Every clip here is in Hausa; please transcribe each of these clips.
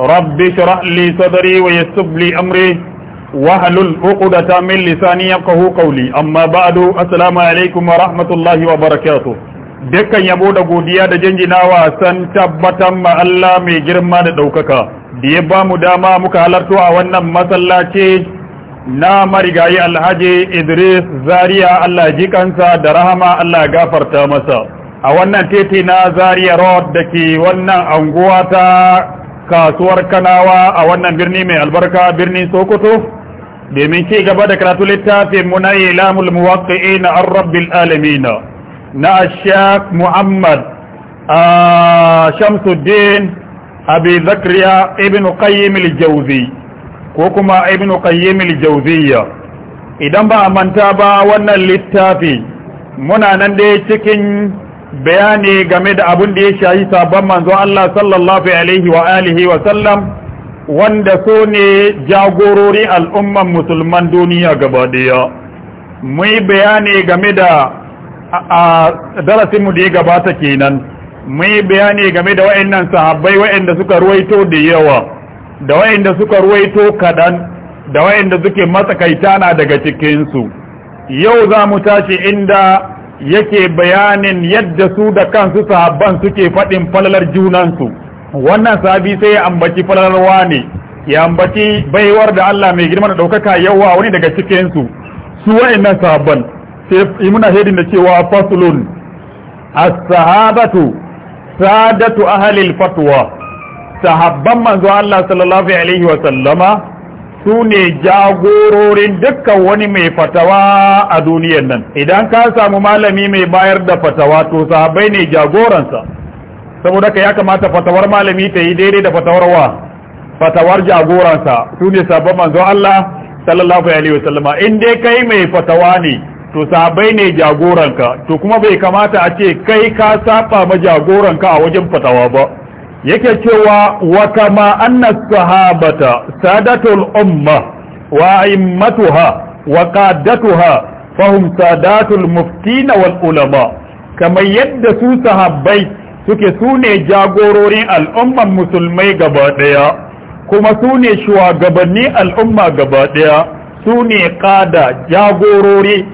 رب اشرح لي صدري ويسر لي امري واحلل عقدة من لساني يفقهوا قولي اما بعد السلام عليكم ورحمة الله وبركاته dukkan yabo da godiya da jinjinawa san tabbatar ma Allah mai girma da ɗaukaka da ya ba mu dama muka halarto a wannan masallaci na marigayi alhaji Idris Zaria Allah jikansa da rahama Allah gafarta masa a wannan titi na Zaria Road da ke wannan anguwa ta kasuwar kanawa a wannan birni mai albarka birnin sokoto domin ci gaba da karatu littafin mu na ilamul muwaƙi'i na an rabbil alamina na ashaq muhammad a shamsuddin abi zakriya ibn qayyim al-jawzi ko kuma ibn qayyim al-jawziyya idan ba a manta ba wannan littafi muna nan dai cikin bayani game da abin da ya shayi sabon manzo Allah sallallahu alaihi wa alihi wa sallam wanda so ne jagorori al'umman musulman duniya gaba daya mu bayani game da a darasinmu da ya gabata kenan mu bayani game da wa'annan sahabbai wa'anda suka ruwaito da yawa da wa'anda suka ruwaito kadan da wa'anda suke matsakaita na daga cikinsu yau za mu tashi inda yake bayanin yadda su da kansu sahabban suke faɗin falalar junansu wannan sahabi sai ya ambaci falalar wane ya ambaci baiwar da Allah mai girma da ɗaukaka yawa wani daga cikinsu su wa'annan sahabban sai muna hedin da cewa faslun as-sahabatu sadatu ahli al-fatwa sahabban manzo Allah sallallahu alaihi wa sallama su ne jagororin dukkan wani mai fatawa a duniyar nan idan ka samu malami mai bayar da fatawa to sahabai ne jagoransa saboda ka ya kamata fatawar malami ta yi daidai da fatawar wa fatawar jagoransa su ne sabon manzo Allah sallallahu alaihi wasallama in dai kai mai fatawa ne to sahabai ne jagoranka to kuma bai kamata a ce kai ka saba ma jagoranka a wajen fatawa ba yake cewa wa kama anna sahabata sadatul umma wa aimmatuha wa qadatuha fahum sadatul muftina wal ulama kamar yadda su sahabbai suke sune jagororin al'umman musulmai gaba daya kuma sune shugabanni al'umma gaba daya ƙada ne kada jagorori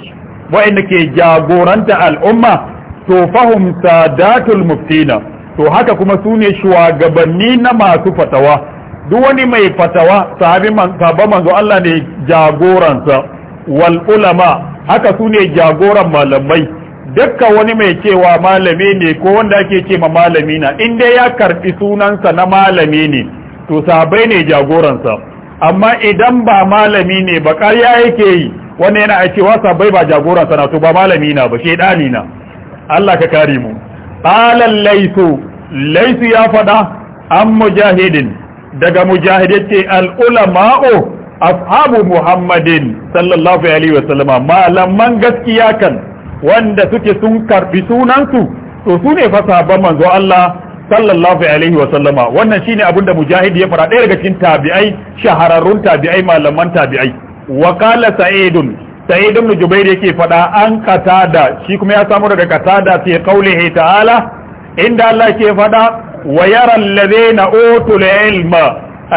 ke jagoranta al'umma to fahum sadatul muftina to haka kuma su ne shugabanni na masu fatawa duk wani mai fatawa sahabin manzo Allah ne jagoransa wal ulama haka su ne jagoran malamai dukka wani mai cewa malami ne ko wanda ake ce ma malami na in dai ya karbi sunansa na malami ne to sabai ne jagoransa amma idan ba malami ne ba ƙarya yake yi wani yana cewa sabai ba jagoransa na to ba malami na ba shedani na Allah ka kare mu qala laythu laythu ya faɗa an mujahidin daga mujahidati al ulama'u ashabu muhammadin sallallahu alaihi wa sallama malaman gaskiya kan wanda suke sun karbi sunansu to su ne fasaban manzo Allah sallallahu alaihi wa sallama wannan shine abin da mujahid ya fara ɗaya daga cikin tabi'ai shahararrun tabi'ai malaman tabi'ai wa qala sa'idun sai ibn jubair yake fada an qatada shi kuma ya samu daga qatada fi qaulihi ta'ala inda Allah ke fada wa yara alladhina utul ilma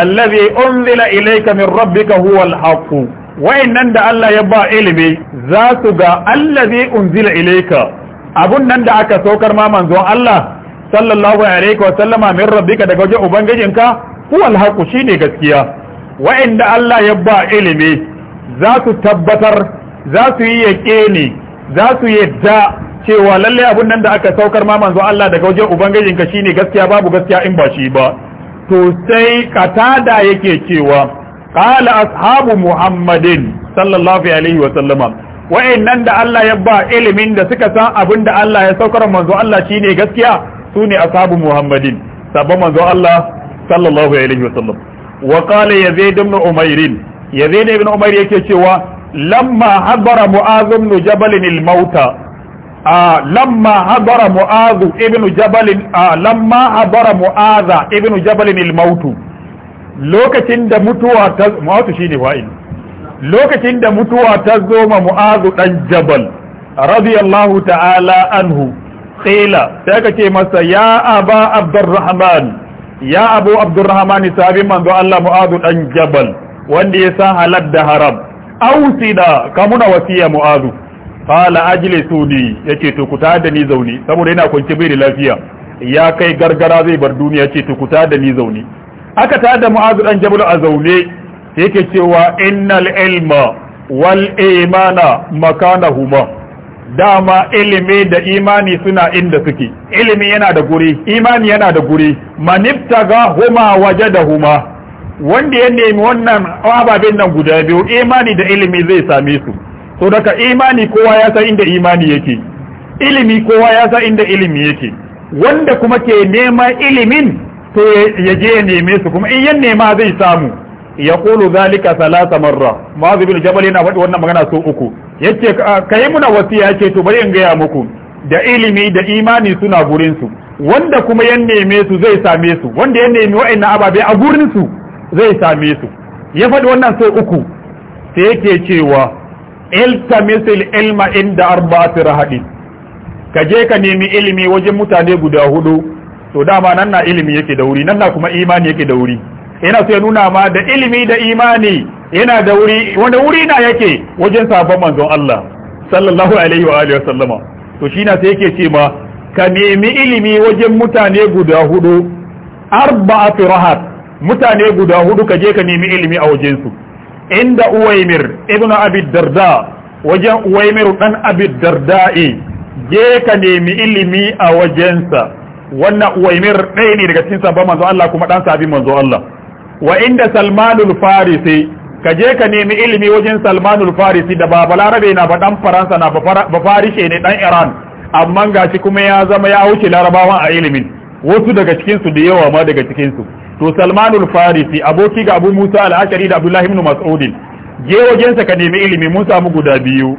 alladhi unzila ilayka min rabbika huwal haqq wa'annan da Allah ya ba ilimi za su ga allazi unzila ilayka abun nan da aka saukar ma manzon Allah sallallahu alaihi wa sallama min rabbika daga wajen ubangijinka huwal haqq shine gaskiya wa'anda Allah ya ba ilimi za su tabbatar za su yi yaƙini za su yadda cewa lallai abun nan da aka saukar ma manzo Allah daga wajen ubangijinka shine gaskiya babu gaskiya in ba shi ba to sai katada yake cewa qala ashabu muhammadin sallallahu alaihi wa sallama wa'annan da Allah ya ba ilimin da suka san abun da Allah ya saukar manzo Allah shine gaskiya sune ashabu muhammadin sabon manzo Allah sallallahu alaihi wa sallam wa qala yazid ibn umayr yazid ibn umayr yake cewa lamma حضر معاذ ibn جبل الموت lokacin da mutuwa ta zoma shine lokacin da mutuwa ta zo ma mu'azu dan jabal radiyallahu ta'ala anhu qila sai ka ce masa ya aba abdurrahman ya abu abdurrahman sabi manzo Allah mu'azu dan jabal wanda ya san halad da haram ausida ka muna wasiya mu'azu qala ajlisu sudi yace to ku tada ni zaune saboda yana kwance bai da lafiya ya kai gargara zai bar duniya ce to ku ni zaune aka tada mu'azu dan jabal a zaune sai yake cewa innal ilma wal imana makanahuma dama ilimi da imani suna inda suke ilimi yana da guri imani yana da guri maniftaga huma wajadahuma wanda ya nemi wannan ababen nan guda biyu imani da ilimi zai same su So daga imani kowa ya san inda imani yake ilimi kowa ya san inda ilimi yake wanda kuma ke nema ilimin to ya je ya neme su kuma in ya nema zai samu ya kulu zalika salasa marra ma'azu bin jabal yana faɗi wannan magana so uku yace yi muna wasiya yace to bari in gaya muku da ilimi da imani suna gurin su wanda kuma ya neme su zai same su wanda ya nemi wa'annan ababe a gurin su zai same su ya faɗi wannan sai uku sai yake cewa iltamisil ilma inda arba'ati rahadi ka je ka nemi ilimi wajen mutane guda hudu to dama nan na ilimi yake da wuri nan na kuma imani yake da wuri yana so ya nuna ma da ilimi da imani yana da wuri wanda wuri na yake wajen sabon manzon Allah sallallahu alaihi wa alihi wasallama to shi na sai yake ce ma ka nemi ilimi wajen mutane guda hudu arba'atu rahat mutane guda hudu ka je ka nemi ilimi a wajensu inda uwaimir ibn abi darda wajen uwaimir dan abi darda'i je ka nemi ilimi a wajensa wannan uwaimir ɗaya ne daga cikin sabon manzo Allah kuma dan sabi manzo Allah wa inda salmanul farisi ka je ka nemi ilimi wajen salmanul farisi da ba balarabe na ba dan faransa na ba farishe ne dan iran amma gashi kuma ya zama ya wuce larabawan a ilimin wasu daga cikinsu da yawa ma daga cikinsu to salmanul farisi aboki ga abu musa al'ashari da abdullahi ibn mas'udin je wajensa ka nemi ilimi mun samu guda biyu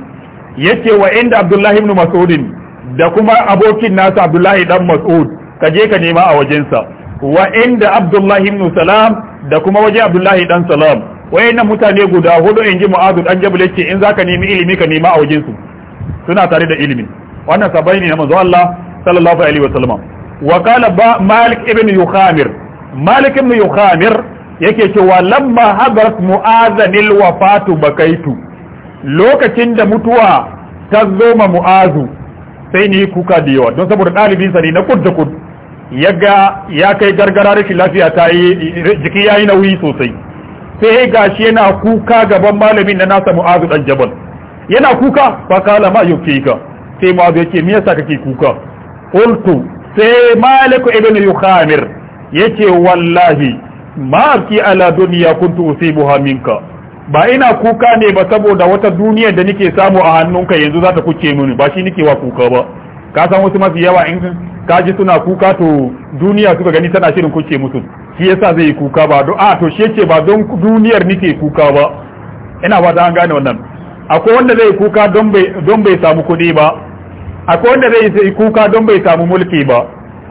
yace wa inda abdullahi ibn mas'udin da kuma abokin nasa abdullahi dan mas'ud ka je ka nema a wajensa wa inda abdullahi ibn salam da kuma waje abdullahi dan salam wayannan mutane guda hudu in ji mu'azu dan jabal yace in zaka nemi ilimi ka nema a wajensu suna tare da ilimi wannan sabai ne na manzo Allah sallallahu alaihi wa sallam wa qala malik ibn yukhamir malik ibn yukhamir yake cewa lamma hadarat mu'azanil wafatu bakaitu lokacin da mutuwa ta zoma mu'azu sai ni kuka da yawa don saboda ɗalibin sa ne na kud da kud ya ga ya kai gargara rashin lafiya ta yi jiki ya yi nauyi sosai sai gashi yana kuka gaban malamin na nasa mu'azu dan jabal yana kuka fa kala ma ka sai mu'azu yake me yasa kake kuka qultu sai maliku ibn yukhamir yace wallahi ma fi ala dunya kuntu usibuha minka ba ina kuka ne ba saboda wata duniya da nike samu a hannunka yanzu za ta kuce mini ba shi nike wa kuka ba ka san wasu mafi yawa in ka ji suna kuka to duniya suka gani tana shirin kuce musu shi yasa zai yi kuka ba don a ah, to shi ba don duniyar nike kuka ba ina ba an gane wannan akwai wanda zai kuka don bai samu kuɗi ba akwai wanda zai kuka don bai samu mulki ba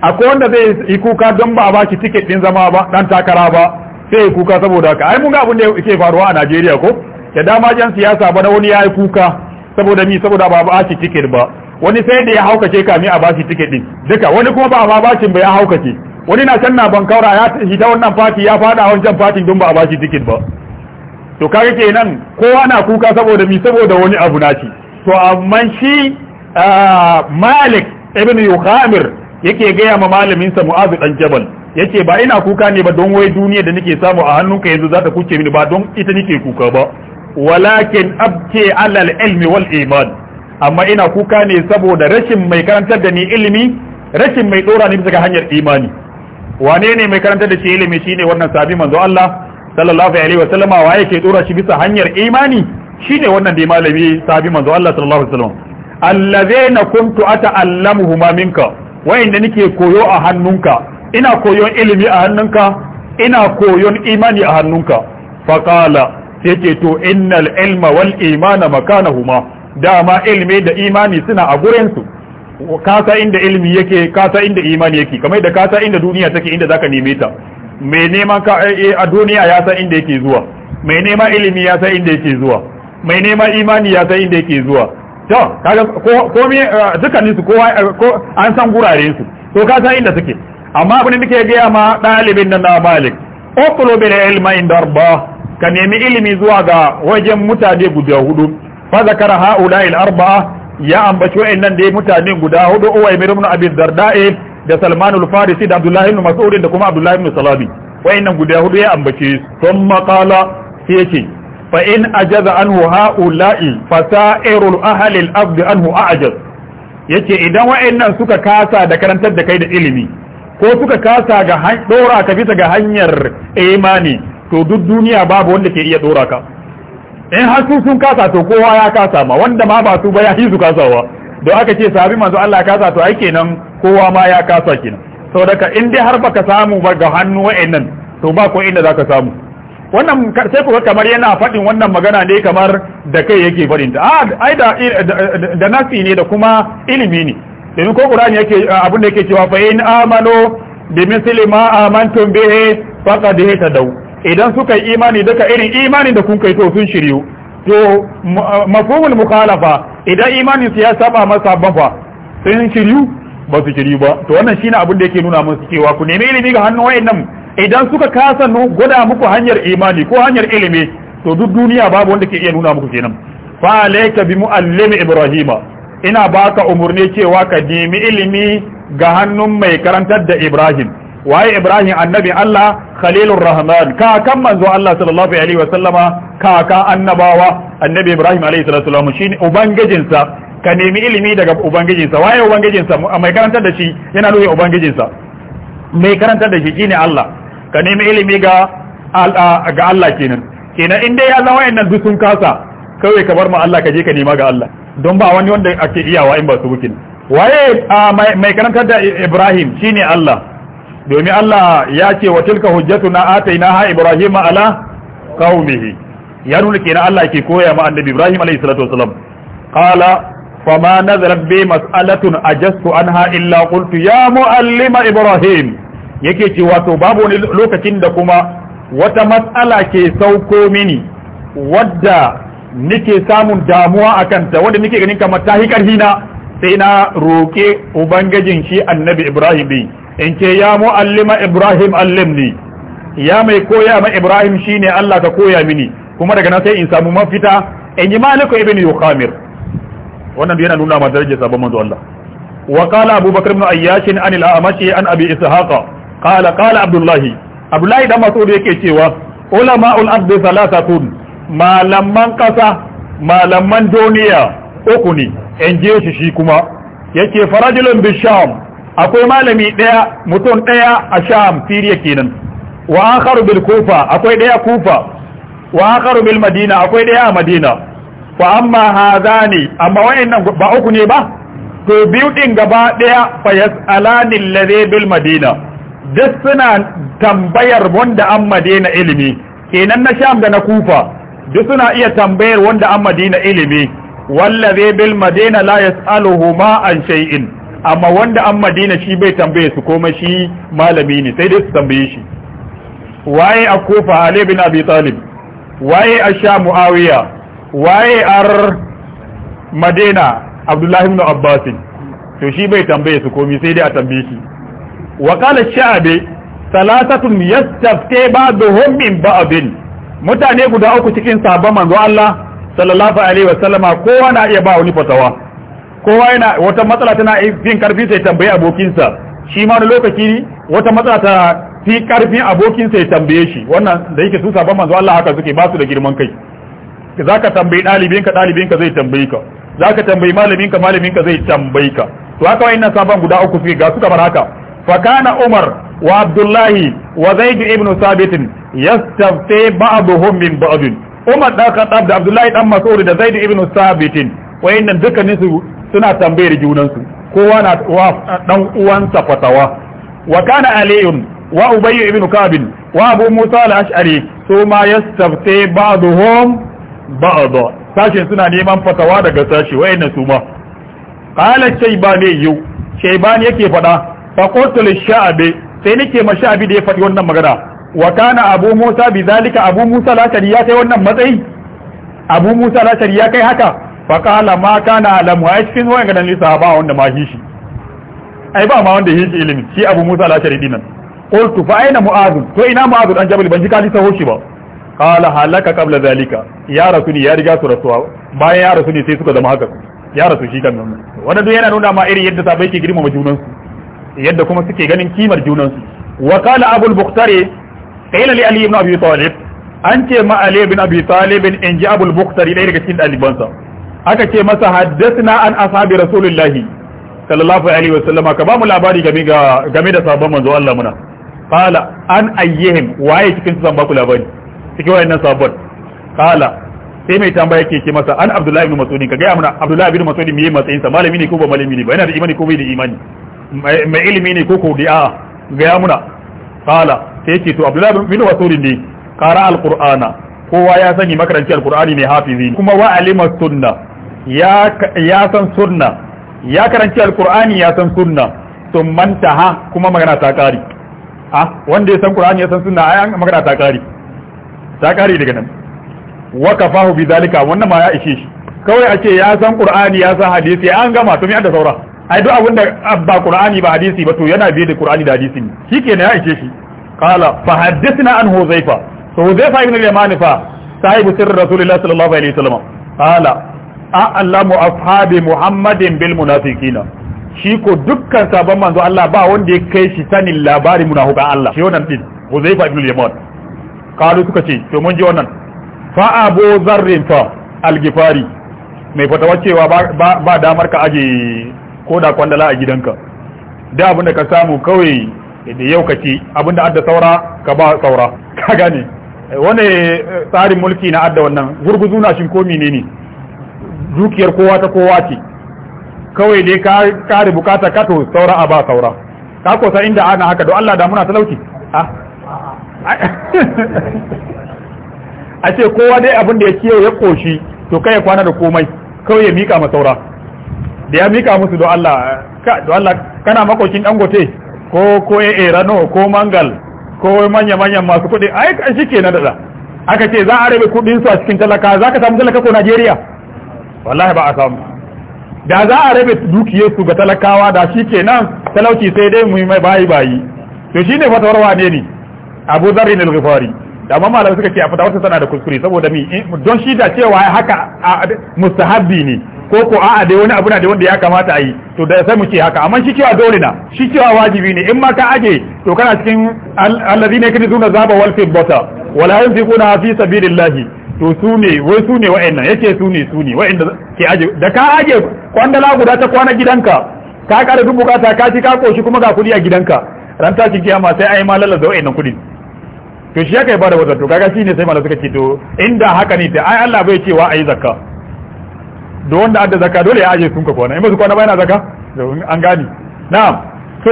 akwai wanda zai yi kuka don ba a ba ki tiket din zama ba dan takara ba sai yi kuka saboda haka ai mun ga abin da yake faruwa a Najeriya ko da dama jan siyasa ba na wani ya yi kuka saboda mi saboda ba ba shi tiket ba wani sai da ya haukace mi a ba ki tiket din duka wani kuma ba a ba bashin ba ya haukace wani na can na bankaura ya ta wannan fati ya fada wancan fatin don ba a ba ki tiket ba to ke nan kowa na kuka saboda mi saboda wani abu naci to amma shi ah, Malik ibn yuhamir yake gaya ma malaminsa mu'azu dan jabal yace ba ina kuka ne ba don wai duniya da nake samu a hannunka yanzu zata kuce mini ba don ita nake kuka ba walakin abke alal ilmi wal iman amma ina kuka ne saboda rashin mai karantar da ni ilimi rashin mai dora ni bisa ga hanyar imani wane ne mai karantar da shi ilimi shine wannan sabi manzo Allah sallallahu alaihi wa sallama wa yake dora shi bisa hanyar imani shine wannan da malami sabi manzo Allah sallallahu alaihi wa sallam allazina kuntu ata'allamuhuma minka wayanda nake koyo a hannunka ina koyon ilimi a hannunka ina koyon imani a hannunka faqala sai ce to innal ilma wal imana makanahuma dama ilimi da imani suna a gurin su kasa inda ilimi yake kasa inda imani yake kamar da kasa inda duniya take inda zaka neme ta mai neman ka eh, a duniya ya san inda yake zuwa mai neman ilimi ya san inda yake zuwa mai neman imani ya san inda yake zuwa to kaga ko me eh, dukkanin su eh, ko an san gurare su to ka san inda suke amma abin da ke gaya ma dalibin nan na malik utlub ilma inda arba ka nemi ilimi zuwa ga wajen mutane guda hudu fa zakara haula al arba'a ya ambaci wa'annan da mutane guda hudu uwaymir ibn abi darda'i da salman al farisi da abdullahi ibn mas'ud da kuma abdullahi ibn salabi wa'annan guda hudu ya ambace su thumma qala sai fa in ajaza anhu ha'ula'i fa al ahli al-abd anhu a'jaz yace idan wa'annan suka kasa da karantar da kai da ilimi ko suka kasa ga dora ka bisa ga hanyar imani to duk duniya babu wanda ke iya dora ka in har su sun kasa to kowa ya kasa ma wanda ma ba su ba ya yi su kasawa don aka ce sahabi manzo Allah ya kasa to ai kenan kowa ma ya kasa kenan saboda in dai har baka samu ba ga hannu wa'annan to ba ko inda zaka samu wannan sai ku kamar yana faɗin wannan magana ne kamar da kai yake faɗin ta ah, ai da da nasi ne da kuma ilimi ne domin ko qur'ani yake abin da yake cewa fa in Amano, bi misli ma amantum bihi faqad dau idan suka yi imani duka irin imani da kun kai to sun shiryu to mafhumul mukhalafa idan imanin su ya saba masa fa sun shiryu ba su shiryu ba to wannan shine abin da yake nuna musu cewa ku nemi ilimi ga hannun wayannan idan suka kasa gwada muku hanyar imani ko hanyar ilimi to duk duniya babu wanda ke iya nuna muku kenan fa alayka bi muallimi ibrahima ina baka umurni cewa ka nemi ilimi ga hannun mai karantar da ibrahim waye ibrahim annabi allah khalilur rahman kakan manzo allah sallallahu alaihi wa sallama kaka annabawa annabi ibrahim alaihi salatu wasallam shine ubangijinsa ka nemi ilimi daga ubangijinsa waye ubangijinsa mai karantar da shi yana nuna ubangijinsa mai karantar da shi shine allah ka nemi ilimi ga ga Allah kenan kenan in dai ya zama wayannan duk sun kasa kawai ka bar ma Allah ka je ka nema ga Allah don ba wani wanda ake iyawa in ba su bukin waye mai karantar da Ibrahim shine Allah domin Allah ya ce wa tilka hujjatuna atainaha Ibrahim ala qaumihi ya nuna kenan Allah ke koya ma annabi Ibrahim alayhi salatu wasalam qala fama نذر بي مسألة أجزت عنها إلا قلت ya مؤلم Ibrahim. yake ce wato babu wani lokacin da kuma wata matsala ke sauko mini wadda nike samun damuwa a kanta wadda nike ganin kamar ta hi karhi sai na roƙe ubangijin shi annabi ibrahim bi in ce ya mu'allima ibrahim ni ya mai koya ma ibrahim shine allah ka koya mini kuma daga nan sai in samu mafita in yi maliku ibn yukhamir wannan yana nuna ma darajar sabon manzo allah وقال أبو بكر بن أياش عن الأعمش عن أبي إسحاق عبد الله abdullahi abdullahi da mas'ud yake cewa ulama'ul ardi thalathatun malaman kasa malaman duniya uku ne in je shi shi kuma yake farajulun bi sham akwai malami daya mutum daya a sham siriya kenan wa akharu bil kufa akwai daya kufa wa akharu bil madina akwai daya a madina fa amma hadani amma wayannan ba uku ne ba to biyu din gaba daya fa yasalani alladhi bil madina duk suna tambayar wanda an madina ilimi kenan na sham da na kufa duk suna iya tambayar wanda an madina ilimi wallazi bil madina la yasaluhu ma an shay'in amma wanda an madina shi bai tambaye su komai shi malami ne sai dai su tambaye shi waye a kufa ali bin abi talib waye a sha muawiya waye ar madina abdullahi ibn abbas to shi bai tambaye su komai sai dai a tambaye shi wa qala sha'abi salatatun yastafti ba'dhum min ba'din mutane guda uku cikin sabon manzo Allah sallallahu alaihi wa sallama kowa na iya ba wani fatawa kowa yana wata matsala tana fin karfi sai tambaye abokinsa shi ma na lokaci wata matsala ta fi karfin abokinsa ya tambaye shi wannan da yake su sabon manzo Allah haka suke ba su da girman kai zaka tambayi dalibinka dalibinka zai tambaye ka zaka tambayi malaminka malaminka zai tambaye ka to haka wayannan sabon guda uku suke ga su kamar haka فكان عمر وعبد الله وزيد ابن ثابت يستفتي بعضهم من بعض عمر دا خطاب da Abdullahi dan Mas'ud da Zaid ibn Thabit wayannan dukkanin su suna tambayar junan su kowa na dan uwansa fatawa wa kana Ali wa Ubay ibn Ka'b wa Abu Musa al-Ash'ari suma yastafti ba'dhum ba'd sashi suna neman fatawa daga sashi wayannan su ma qala shaybani yu shaybani yake faɗa? fa qultu lisha'abi sai nake ma sha'abi da ya faɗi wannan magana wa kana abu musa bi zalika abu musa lashari ya kai wannan matsayi abu musa lashari ya kai haka fa qala ma kana alamu ai cikin wayan ganin ba wanda ma hishi ai ba ma wanda yi ilimi shi abu musa lashari dinan qultu fa aina mu'adh to ina mu'adh dan jabal ban ji kali taho shi ba qala halaka qabla zalika ya rasuli ya riga su rasuwa bayan ya rasuli sai suka zama haka ya rasu shi kan nan wannan duk yana nuna ma irin yadda sabai ke girma junansu yadda kuma suke ganin kimar junansu wa qala abu al-bukhtari qila li ali ibn abi talib an ce ma ali ibn abi talib in ji abu al-bukhtari dai daga cikin dalibansa aka ce masa haddathna an ashabi rasulullahi sallallahu alaihi ka ba mu labari game ga game da sabon manzo Allah muna qala an ayyihim waye cikin su ba ku labari cikin wayannan sabon qala sai mai tambaya yake ce masa an abdullahi ibn mas'ud ka ga abdullahi ibn mas'ud matsayin sa malami ne ko ba malami ne ba yana da imani ko bai da imani mai ilimi ne ko ko da a muna kala. sai yake to abdullahi bin mas'ud ne kara alqur'ana kowa ya sani makaranci alqur'ani ne hafizi kuma wa alima sunna ya ya san sunna ya karanci alqur'ani ya san sunna to manta ha kuma magana ta kari a wanda ya san qur'ani ya san sunna ai magana ta kari ta kari daga nan wa kafahu bi zalika wannan ma ya ishe shi kawai a ce ya san qur'ani ya san hadisi an gama to me da saura ai duk abin da ah, ba qur'ani ba hadisi ba to yana biye da qur'ani da hadisi ne shikenan ya ishe shi qala fa haddathna an huzaifa so huzaifa ibn al-yaman fa sahibu sirr rasulillah sallallahu alaihi wasallam qala a'lamu ashabi muhammadin bil munafiqina shi ko dukkan sabon manzo Allah ba wanda ya kai shi sanin labarin munafiqan Allah shi wannan din huzaifa ibn al-yaman qalu suka ce to mun ji wannan fa abu zarrin fa al-gifari mai fatawa cewa ba damar ka aje ko da kwandala a gidanka da abinda ka samu kawai da yau ka ci abinda adda saura ka ba saura ka gane wani eh, tsarin mulki na adda wannan gurguzu na komi ne ne dukiyar kowa ta kowa ce kawai dai ka kare bukata ka to saura a ba saura ka kosa inda ana haka don Allah da muna talauci ah. a ce kowa dai abin da ya ciyo ya koshi to kai ya kwana da komai kawai ya mika ma saura da ya mika musu don Allah don Allah kana makokin dangote ko ko eh rano ko mangal ko manya manyan masu kuɗi ai shi ke na dada aka ce za a rabe kudin su a cikin talaka za ka samu talaka ko Najeriya wallahi ba a samu da za a rabe dukiyar su ga talakawa da shi ke nan talauci sai dai mu mai bayi bayi to shine fatawar wane ne Abu Dharr al-Ghifari da amma malamai suka ce a fatawar tana da kuskure saboda mi don shi da cewa haka mustahabbi ne ko ko a'a dai wani abu na da wanda ya kamata a yi to da sai mu ce haka amma shi cewa dole na shi cewa wajibi ne in ma ka aje to kana cikin alladhina yakrizuna zaba wal fiddata wala yunfiquna fi sabilillahi to su ne wai su ne wa'annan yake su ne su ne wa'anda ke aje da ka aje kwandala guda ta kwana gidanka ka kare duk bukata ka ci ka koshi kuma ga kudi a gidanka ran tashin kiyama sai ai malalla da wa'annan kudin to shi ya kai ba da wata to kaga shine sai malamai suka ce to inda haka ne da ai Allah bai cewa ai zakka da wanda adda zaka dole ya aje sun ka kwana in ba su kwana ba yana zaka an gani na'am to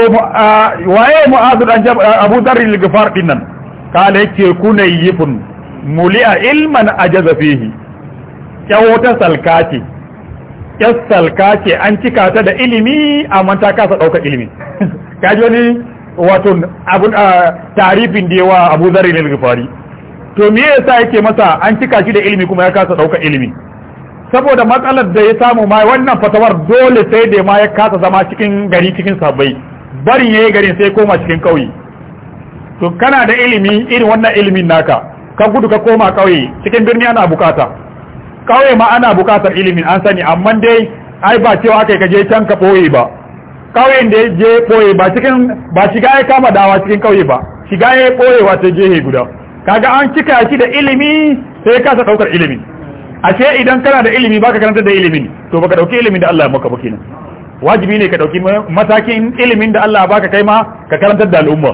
waye mu'azu dan abu dharr al-ghifar din nan kala yake yifun muli'a ilman ajaza fihi wata salkati ya salkati an cika ta da ilimi amma ta kasa dauka ilimi kaji wani wato abun tarifin da yawa abu dharr al-ghifari to me yasa yake masa an cika shi da ilimi kuma ya kasa dauka ilimi saboda matsalar da ya samu ma wannan fatawar dole sai da ma ya kasa zama cikin gari cikin sabai barin yayi garin sai koma cikin kauye to kana da ilimi irin wannan ilimin naka ka gudu ka koma kauye cikin birni ana bukata kauye ma ana bukatar ilimin an sani amma dai ai ba cewa akai ka je can ka boye ba kauyen da je boye ba cikin ba shiga ya kama dawa cikin kauye ba shiga ya boye wato jehe guda kaga an cika shi da ilimi sai ka sa daukar ilimi ashe idan kana da ilimi baka karanta da ilimi to baka dauki ilimin da Allah ya maka ba kenan wajibi ne ka dauki matakin ilimin da Allah baka kai ma ka karantar da al'umma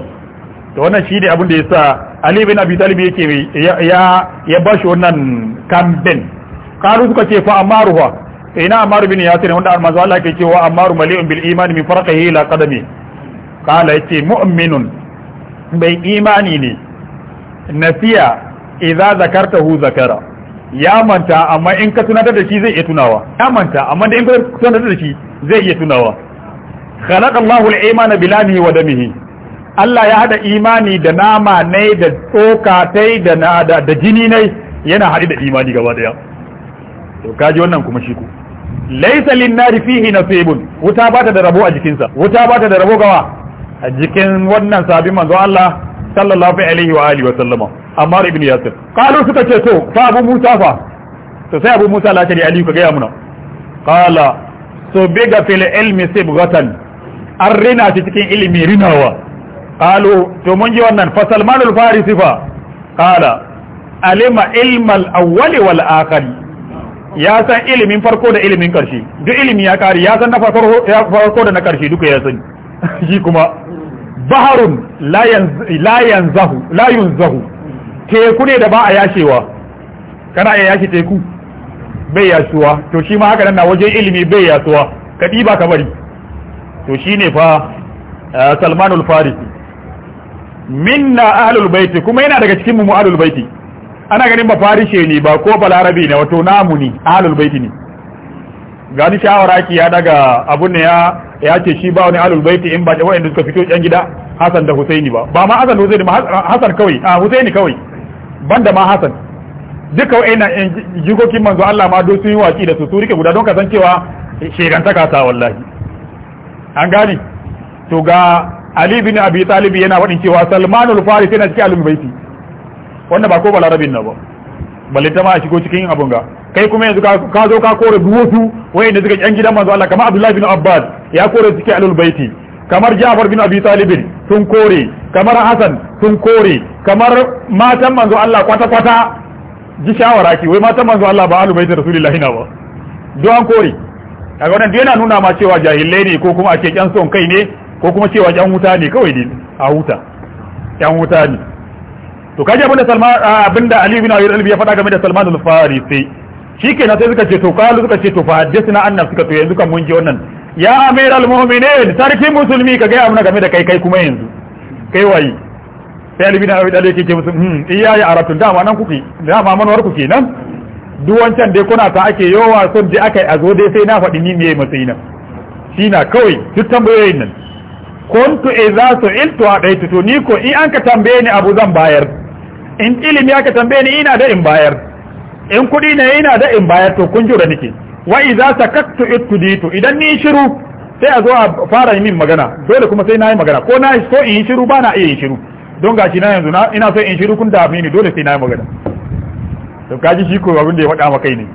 to wannan shi ne abin da yasa Ali bin Abi Talib yake ya ya bashi wannan campaign karu suka ce fa amaruha eh, ina amaru bin yasir wanda almanzo Allah ke cewa amaru mali'un bil iman min farqihi ila qadami kala yace mu'minun bai imani ne nafiya idza zakartahu zakara ya manta amma in ka tunatar da shi zai iya tunawa ya manta amma da in ka tunatar da shi zai iya tunawa khalaqallahu al-imana bilamihi wa damihi Allah ya hada imani da nama ne da tsoka tai da nada da jini ne yana hadi da imani gaba daya to kaji wannan kuma shi ku laysa lin-nari fihi nasibun wuta bata da rabo a jikinsa wuta bata da rabo gawa a jikin wannan sabi manzo Allah sallallahu alaihi wa alihi wa sallama ammar ibn yasir qalu suka ce to fa abu musa fa to sai abu musa lashari ali ka gaya muna qala so biga fil ilmi sibghatan arrina ta cikin ilimi rinawa qalu to mun ji wannan fa salman al farisi fa qala alima ilma al awwal wal akhir ya san ilimin farko da ilimin karshe duk ilimi ya kare ya san na farko da na karshe duka ya sani shi kuma baharun la yunzahu teku ne da ba a yashewa kana iya yashe teku bai yasuwa to shi ma haka nan na wajen ilimi bai yasuwa ka ɗiba ka bari to shi ne fa eh, salmanul farisi minna ahlul baiti kuma yana daga cikin mu ahlul baiti ana ganin ba farishe ne ba ko balarabi ne wato namu ne ahlul baiti ne gani shawara ki ya daga abun ne ya ya ce shi ba wani alul baiti in ba da wayanda suka fito yan gida Hassan da Husaini ba ba ma Hassan Husaini ma Hassan kawai a Husaini kawai banda ma Hassan duka in jikokin manzo Allah ma do sun yi waki da su su rike guda don ka san cewa shegantaka ta wallahi an gani to ga Ali bin Abi Talib yana wadin cewa Salmanul Farisi yana cikin alul baiti wannan ba ko balarabin na ba balle ta ma shigo cikin abun ga kai kuma yanzu ka zo ka kore duk wasu da suka yan gidan manzo Allah kamar Abdullah bin Abbas ya kore suke alul baiti kamar Ja'far bin Abi Talib sun kore kamar Hassan sun kore kamar matan manzo Allah kwata kwata ji shawara ki wai matan manzo Allah ba alul baiti rasulullah na ba do an kore kaga wannan yana nuna ma cewa jahilai ne ko kuma a ce kyan son kai ne ko kuma cewa kyan wuta ne kawai ne a huta kyan wuta ne to kaje abinda Salman abinda Ali bin Abi Talib ya faɗa game da Salman al-Farisi ke sai suka ce to kalu suka ce to fa an annab suka to yanzu kan mun ji wannan ya al mu'minin sarki musulmi ka ga amna game da kai kai kuma yanzu kai wai sai alibi na abi dalle yake musu hmm iya ya aratu dama nan kuke dama manwar kuke nan duk wancan dai kuna ta ake yowa sun je akai a zo dai sai na faɗi ni me matsayi nan shi na kawai duk tambayoyin nan kuntu idza su'iltu adaitu to ni ko in an ka tambaye ni abu zan bayar in ilimi aka tambaye ni ina da in bayar in kuɗi ne ina da in bayar to kun jura nake wa idza sakattu ittuditu idan ni shiru sai a zo a fara yi min magana dole kuma sai na yi magana ko na so in shiru ba na iya yin shiru don gashi na yanzu ina so in shiru kun da ni dole sai na yi magana to kaji shi ko abin da ya faɗa maka ne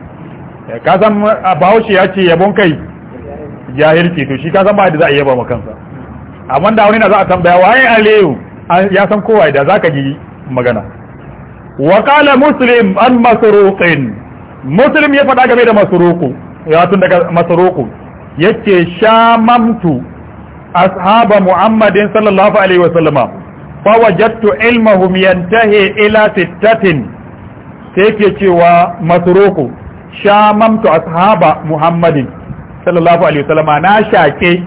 eh, ka san bahaushe ya ce yabon kai jahilci to shi ka san ba da za a yaba ma kansa amma da wani na za a tambaya waye aliyu ya san kowa da zaka ji magana wa qala muslim an masruqin muslim ya faɗa game da masruqu ya tun daga masruqu yace shamamtu ashaba muhammadin sallallahu alaihi wa sallama fa wajadtu ilmahum yantahi ila sittatin sai yake cewa masruqu shamamtu ashaba muhammadin sallallahu alaihi wa sallama na shake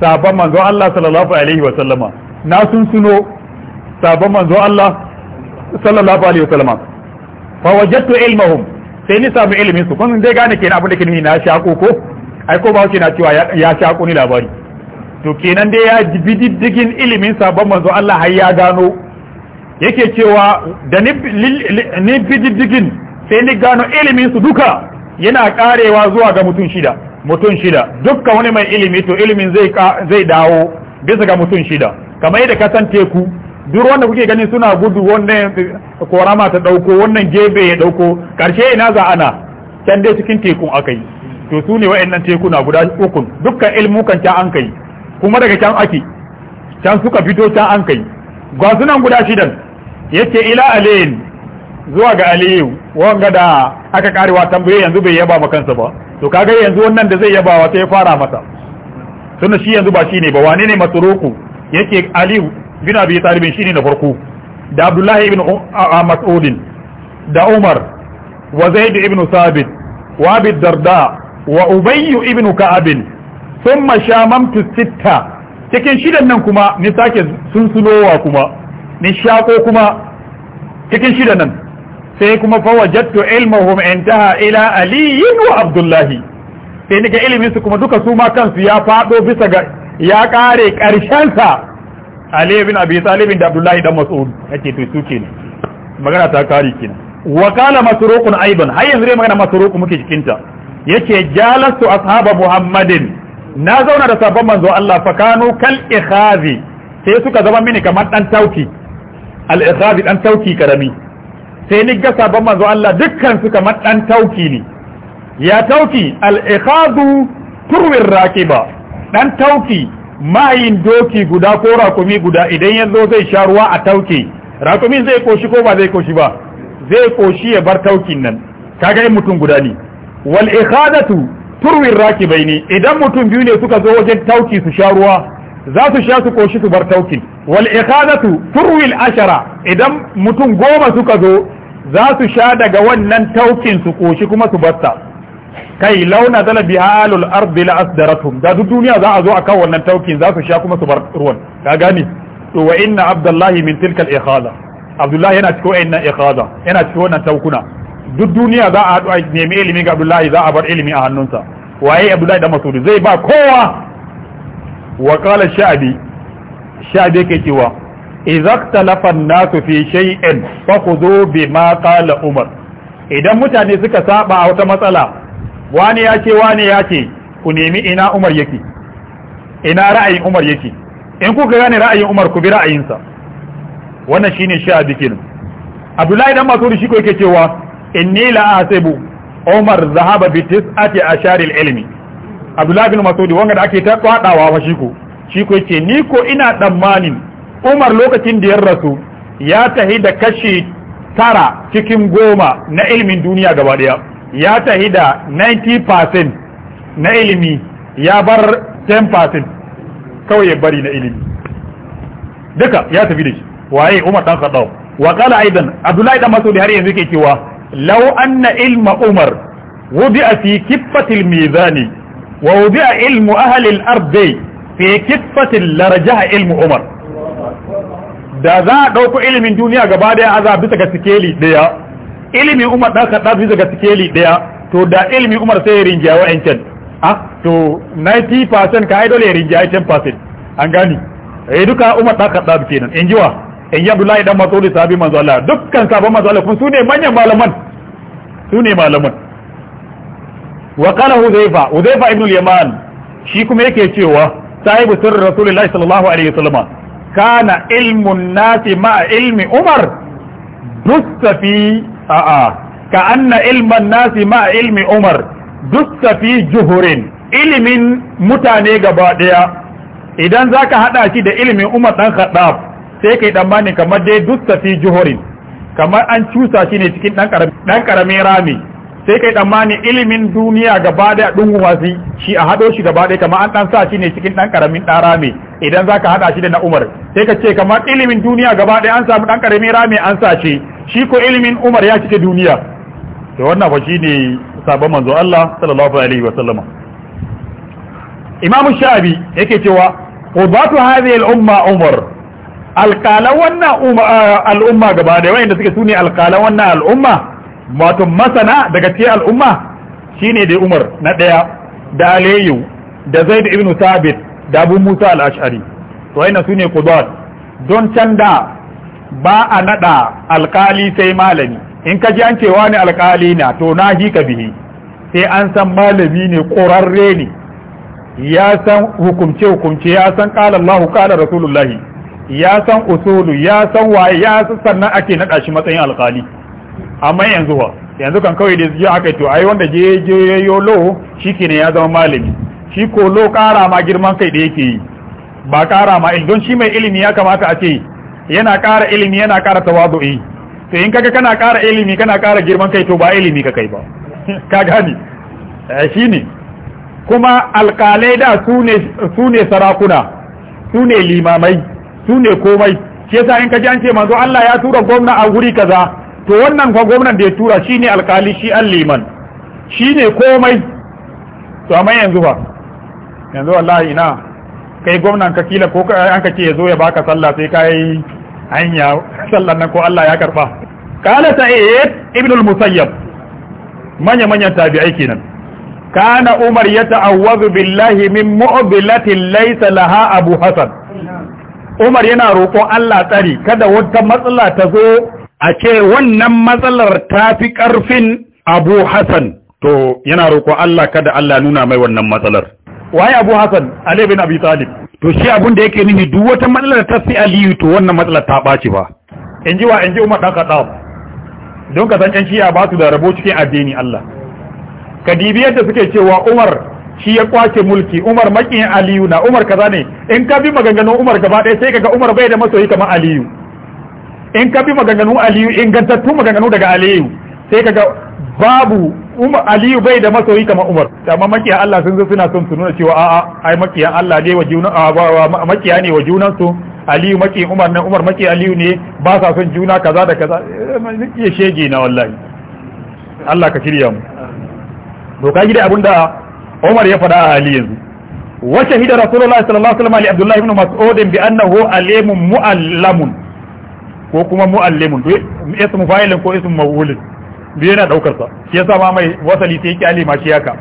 sabon manzo Allah sallallahu alaihi wa sallama na sunsuno sabon manzo Allah sallallahu alaihi wasallam fa wajadtu ilmahum sai ni samu ilimin su kun dai gane kenan abin da ke na shaku ko ai ko ba wuce na cewa ya shaku ni labari to kenan dai ya bi diddigin ilimin sabon manzo Allah har ya gano yake cewa da ni bi diddigin sai ni gano ilimin su duka yana karewa zuwa ga mutum shida mutum shida dukkan wani mai ilimi to ilimin zai zai dawo bisa ga mutum shida kamar yadda ka san teku duk wanda kuke gani suna gudu wannan korama ta dauko wannan gebe ya dauko karshe ina za ana can dai cikin tekun akai to su ne wa'annan tekuna guda uku dukkan ilmukan can an kai kuma daga can ake can suka fito can an kai ga sunan guda shidan yake ila alayn zuwa ga aliyu wanga da aka karewa tambaye yanzu bai yaba ma kansa ba to kaga yanzu wannan da zai yabawa sai ya fara masa tunda shi yanzu ba shine ba wane ne masuruku yake aliyu bin abi talibin shine na farko da abdullahi ibn mas'ud da umar wa zaid ibn sabit wa abi darda wa ubay ibn ka'ab thumma shamamtu sitta cikin shidan nan kuma ni sake sunsulowa kuma ni shako kuma cikin shidan nan sai kuma fa wajadtu ilmuhum intaha ila ali wa abdullahi sai ni ga ilimin su kuma duka su ma kansu ya fado bisa ga ya kare karshen sa Ali ibn Abi Talib da Abdullahi dan Mas'ud yake to suke ne magana ta kare kin wa kana masruqun aidan har yanzu magana masruq muke cikin ta yake jalasu ashabu Muhammadin na zauna da sabon manzo Allah fa kanu kal ikhazi sai suka zama mini kamar dan tauki al ikhazi dan tauki karami sai ni ga sabon manzo Allah dukkan su kamar dan tauki ne ya tauki al ikhazu turwir rakiba dan tauki mayin doki guda ko rakumi guda idan ya zo zai sha ruwa a tauki. rakumin zai koshi ko ba zai koshi ba zai koshi ya bar taukin nan kaga yin mutum guda ne wal ikhadatu turwin rakibai ne idan mutum biyu ne suka zo wajen tauki su sha ruwa za su sha su koshi su bar taukin. wal ikhadatu ashara idan mutum goma suka zo za su sha daga wannan taukin su koshi kuma su bar ta kai launa zala bi halul ardi la asdaratum da duk duniya za a zo akan wannan taukin za su sha kuma su bar ruwan ka gane to wa inna abdullahi min tilka al ikhada abdullahi yana cikin wannan ikhada yana cikin wannan taukuna duk duniya za a haɗu a nemi ilimi ga abdullahi za a bar ilimi a hannunsa waye abdullahi da masudi zai ba kowa wa qala sha'bi sha'bi ke cewa idza talafa an-nasu fi shay'in fakhudhu bima qala umar idan mutane suka saba a wata matsala wani ya ce wani ya ce ku nemi ina umar yake ina ra'ayin umar yake in kuka gane ra'ayin umar ku bi ra'ayinsa wannan shine sha bikin abdullahi dan masudi shi ko yake cewa inni la asibu umar zahaba bi tis'ati ashar ilmi abdullahi bin masudi wanda ake ta kwadawa fa shi ko shi ko yake ni ko ina tsammanin umar lokacin da ya rasu ya tahi da kashi tara cikin goma na ilmin duniya gaba daya ya tahi da 90% na ilimi ya bar 10% kawai ya bari na ilimi duka ya tafi da shi waye Umar dan Khattab wa qala aidan Abdullahi dan Mas'ud har yanzu yake cewa law anna ilma Umar wudi'a fi kiffatil mizani wa wudi'a ilmu ahli al-ard fi kiffatil larajaha ilmu Umar da za a ɗauko ilimin duniya gaba daya aza bisa ga sikeli daya ilimi umar da ka dafi daga sikeli daya to da ilimi umar sai ya rinjaya wa'ancan a ah, to 90% ka ai dole ya rinjaya 10% an gani eh duka umar da ka dafi kenan in jiwa in yi abdullahi dan masudi sabi manzo Allah dukkan sabon manzo Allah kun su ne manyan malaman su ne malaman wa qala huzaifa huzaifa ibn al-yaman shi kuma yake cewa sahibu sirri rasulullahi sallallahu alaihi wasallam kana ilmun nasi ma ilmi umar dusta fi a'a ka anna ilman nasi ma ilmi umar duk fi juhurin ilimin mutane gaba daya idan zaka hada shi da ilimin umar dan khattab sai kai bani kamar dai duk fi juhurin kamar an cusa shi ne cikin dan karami rami sai kai tsammani ilimin duniya gaba daya dun wasi shi a hado shi gaba daya kamar an dan sa shi ne cikin dan karamin dan rami idan zaka hada shi da na Umar sai ka ce kamar ilimin duniya gaba daya an samu dan karami rami an sa shi shi ko ilimin Umar ya cike duniya da wannan fa shine sabon manzo Allah sallallahu alaihi wa sallama Imam Shabi yake cewa qudwatu hadhihi al-umma Umar alqalan wannan uh, al-umma gaba da wayanda suke sune alqalan wannan al-umma wato masana daga cikin al'umma shine dai Umar na daya da Aliyu da Zaid ibn Thabit da Abu Musa al-Ash'ari to sune qudwat don canda ba a nada alkali sai malami in ka ji an cewa wani alkali na to na hi ka bihi sai an san malami ne ƙurarre ne ya san hukumce hukumce ya san qala Allahu qala rasulullahi ya san usulu ya san waye ya sannan ake nada shi matsayin alkali amma yanzu wa yanzu kan kawai da ji aka to ai wanda je je yayo lo shikenan ya zama malami shi ko lo kara ma girman kai da yake yi ba kara ma eh, don shi mai ilimi ya kamata a ce yana ƙara ilimi yana ƙara tawadu'i to in kaga kana ƙara ilimi kana ƙara girman kai to ba ilimi ka kai ba ka gani eh shine kuma alƙalai da su ne sarakuna su ne limamai su ne komai shi yasa in ka an ce manzo Allah ya tura gwamna a guri kaza to wannan fa gwamnan da ya tura shi ne alƙali shi alliman, shine shi ne komai to amma yanzu ba. yanzu wallahi ina kai gwamnan ka kila ko an ka ce ya zo ya baka sallah sai ka yi hanya sallan nan ko Allah ya karba kala sa'id ibn al-musayyab manya manyan tabi'ai kenan kana umar yata'awwazu billahi min mu'bilatin laysa laha abu hasan umar yana roƙon Allah tsari kada wata matsala ta zo a ce wannan matsalar ta fi ƙarfin abu hasan to yana roƙon Allah kada Allah nuna mai wannan matsalar waye abu hasan ali bin abi talib to shi abin da yake nini duk wata matsalar ta sai aliyu to wannan matsalar ta ɓaci ba in ji wa in ji umar ɗan kaɗa don ka san shi shi'a basu su da rabo cikin addini Allah dibi yadda suke cewa umar shi ya kwace mulki umar makin aliyu na umar kaza ne in ka bi maganganun umar gaba ɗaya sai kaga umar bai da masoyi kamar aliyu in ka bi maganganun aliyu ingantattun maganganu daga aliyu sai kaga babu Umar Aliyu bai da masoyi kamar Umar amma makiya Allah sun zo suna son su nuna cewa a'a ai makiya Allah ne wa juna makiya ne wa junan su Aliyu maki Umar nan Umar maki Aliyu ne ba sa son juna kaza da kaza eh, ya shege na wallahi Allah ka shirya mu to ka gida abinda Umar ya faɗa a Ali yanzu wa shahida Rasulullahi sallallahu alaihi wasallam li Abdullah ibn Mas'ud bi annahu alimun mu'allamun ko kuma mu'allimun to ismu fa'ilin ko ismu mawulin. biyu yana daukar sa shi yasa ma mai wasali sai yake alima shi haka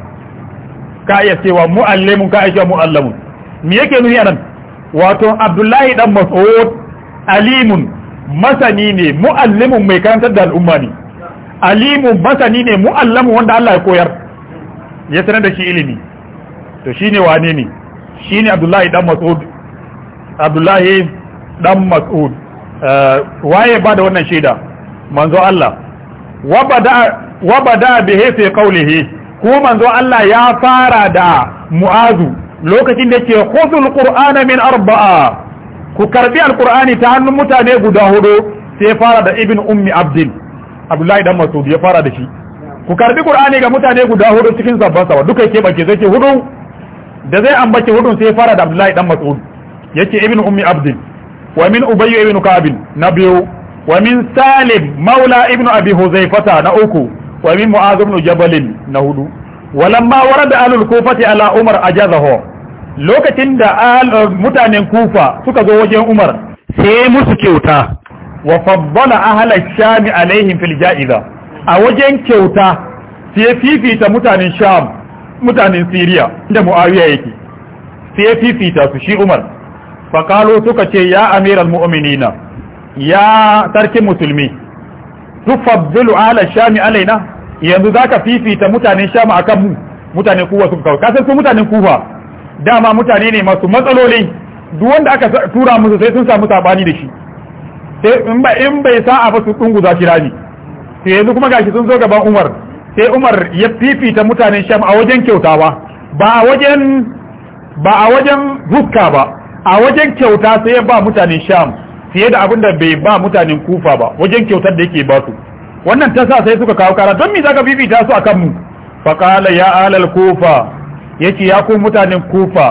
ka iya cewa muallimun ka aisha muallamun me yake nuni anan wato abdullahi dan mas'ud alimun masani ne muallimun mai karantar da al'umma ne alimun masani ne muallamun wanda Allah ya koyar ya sanar da shi ilimi to shine wane ne shine abdullahi dan mas'ud abdullahi dan mas'ud eh, waye ba da wannan shaida manzo Allah wa bada bihi fi qawlihi ko manzo Allah ya fara da mu'azu lokacin da ke khudhul qur'ana min arba'a ku karbi alqur'ani ta hannun mutane guda hudu sai fara da ibn ummi abdin abdullahi dan masud ya fara da shi ku karbi qur'ani ga mutane guda hudu cikin zabban sa duka yake bace zai hudu da zai ambace hudun sai fara da abdullahi dan masud yace ibn ummi abdin wa min ubayy ibn ka'ab na biyu wa min salim maula ibnu abi huzaifata na uku wa min mu'az ibn na hudu walamma warada ahlul kufati ala umar jazaho. lokacin da uh, mutanen kufa suka zo wajen umar sai musu kyauta wa faddala ahlal sham alaihim fil a wajen kyauta sai fifita mutanen sham mutanen siriya yake sai fifita su shi umar faqalu suka ce ya amiral mu'minina ya sarkin musulmi tufaddilu ala shami alaina yanzu za ka fifita mutanen sham a mu mutanen kuwa suka kawo kasar su mutanen kuwa? dama mutane ne masu matsaloli duk wanda aka tura musu sai sun samu sabani da shi sai in ba in bai sa'a ba su za shi ni sai yanzu kuma gashi sun zo gaban Umar sai Umar ya fifita mutanen sham a wajen kyautawa ba a wajen ba a wajen hukka ba a wajen kyauta sai ya ba mutanen sham fiye da abin da bai ba mutanen kufa ba wajen kyautar da yake ba su wannan ta sa sai suka kawo kara don me zaka fifita su akan mu fa qala ya alal kufa yace ya ku mutanen kufa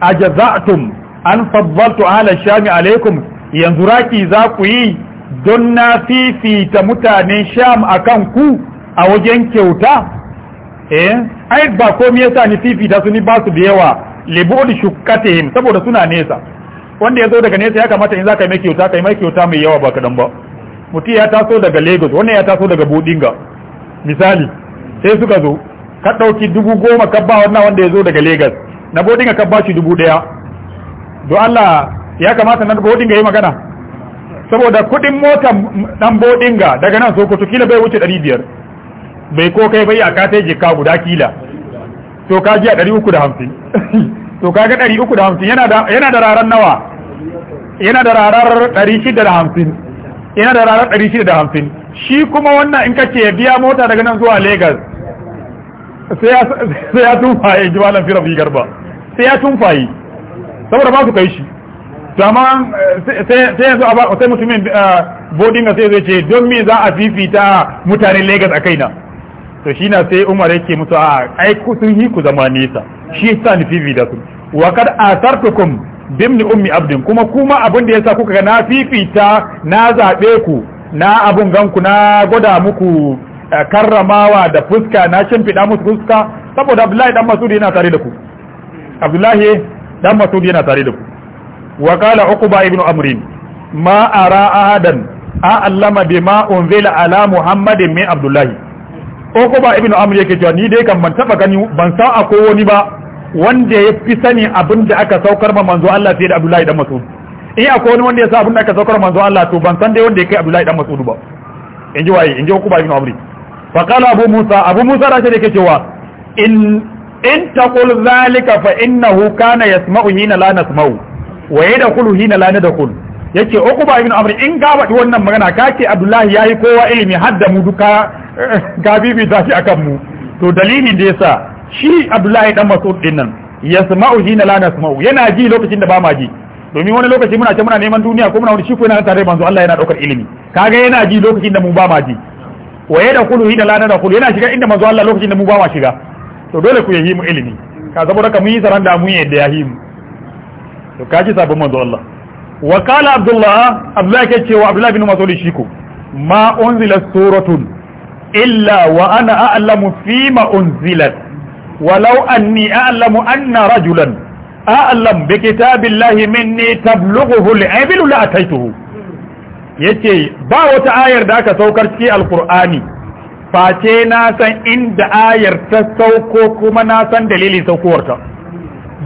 ajaza'tum an faddaltu ala shami alaikum yanzu raki za ku yi don na fifita mutanen sham akan ku a wajen kyauta eh ai ba komai yasa ni fifita su ni ba su da yawa libu shukkatihim saboda suna nesa wanda ya zo daga nesa ya kamata in za ka yi mai kyauta ka yi mai kyauta mai yawa ba kaɗan ba mutum ya taso daga lagos wannan ya taso daga budinga misali sai suka zo ka ɗauki dubu goma ka ba wannan wanda ya zo daga lagos na budinga ka ba shi dubu ɗaya don allah ya kamata na budinga ya yi magana saboda kuɗin motar ɗan budinga daga nan sokoto kila bai wuce ɗari biyar bai ko kai bai a je jika guda kila to ka ji a ɗari uku da hamsin to kaga ɗari uku da hamsin yana da raran nawa yana da rarar 650 yana da rarar 650 shi kuma wannan in kace biya mota daga nan zuwa Lagos sai ya ji jiwalan fi rafi garba sai ya yi. saboda ba su kai shi to amma eh, sai yanzu a sai mutumin eh, boarding sai zai ce don me za a fifita mutanen Lagos a na. to shi na sai Umar yake musu a ai ku sun yi ku zama nesa shi sa ni fifita su wa kad asartukum bimni ummi abdin kuma kuma abin da yasa kuka ga na fifita na zabe ku na abun ganku na gwada muku eh, karramawa da fuska na shimfiɗa musu fuska saboda abdullahi dan masudi yana tare da ku abdullahi dan masudi yana tare da ku wa qala uqba ibn amrin ma ara ahadan a allama bima unzila ala muhammadin min abdullahi uqba ibn amr yake cewa ni dai kan ban taba gani ban sa a wani ba wanda ya fi sani abin da aka saukar ma manzo Allah fiye da Abdullahi dan Mas'ud in akwai wani wanda ya sa abin da aka saukar ma manzo Allah to ban san dai wanda ya kai Abdullahi dan Mas'ud ba in ji waye in ji hukuma ibn amri. fa qala Abu Musa Abu Musa rashi da yake cewa in in taqul zalika fa innahu kana yasma'u hina la nasma'u wa yadkhulu hina la nadkhul yace Uqba ibn Amr in ga wadi wannan magana kake Abdullahi yayi kowa ilimi hadda mu duka eh, gabibi zaki akan mu to dalilin da yasa shi abdullahi dan mas'ud din nan yasma'u hina la nasma'u yana ji lokacin da ba ma ji domin wani lokaci muna ce muna neman duniya ko muna wani shi ko yana tare manzo Allah yana daukar ilimi kaga yana ji lokacin da mu ba ma ji wa ya da kulu hina la da kulu yana shiga inda manzo Allah lokacin da mu ba ma shiga to dole ku yi mu ilimi ka zabo raka mun yi saran da mun yadda ya yi to kaji sabon manzo Allah wa qala abdullah abdullah ke cewa abdullah bin mas'ud shi ko ma unzila suratun illa wa ana a'lamu ma unzilat walau anni a'lamu anna rajulan a'lam bi kitabillahi minni tablughu al-ibilu yace ba wata ayar da aka saukar cikin alkur'ani face na san inda ayar ta sauko kuma na san dalilin saukowarta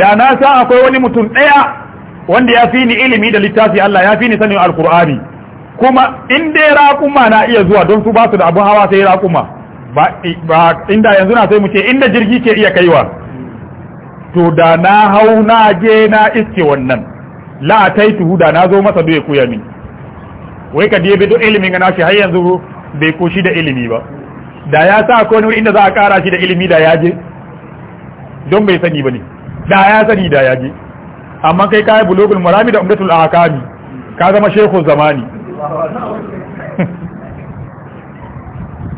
da na san akwai wani mutum ɗaya wanda ya fi ni ilimi da littafi Allah ya fi ni sanin alqur'ani kuma in dai raƙuma na iya zuwa don su ba su da abun hawa sai raƙuma ba inda yanzu na sai mu ce inda jirgi ke iya kaiwa to da na hau na je na iske wannan la taitu da na zo masa bai koya min wai ka dibe do ilimin na shi har yanzu bai koshi da ilimi ba da ya sa ko wani inda za a kara shi da ilimi da ya je don bai sani bane da ya sani da ya je amma kai kai bulogul marami da umdatul ahkami ka zama shehu zamani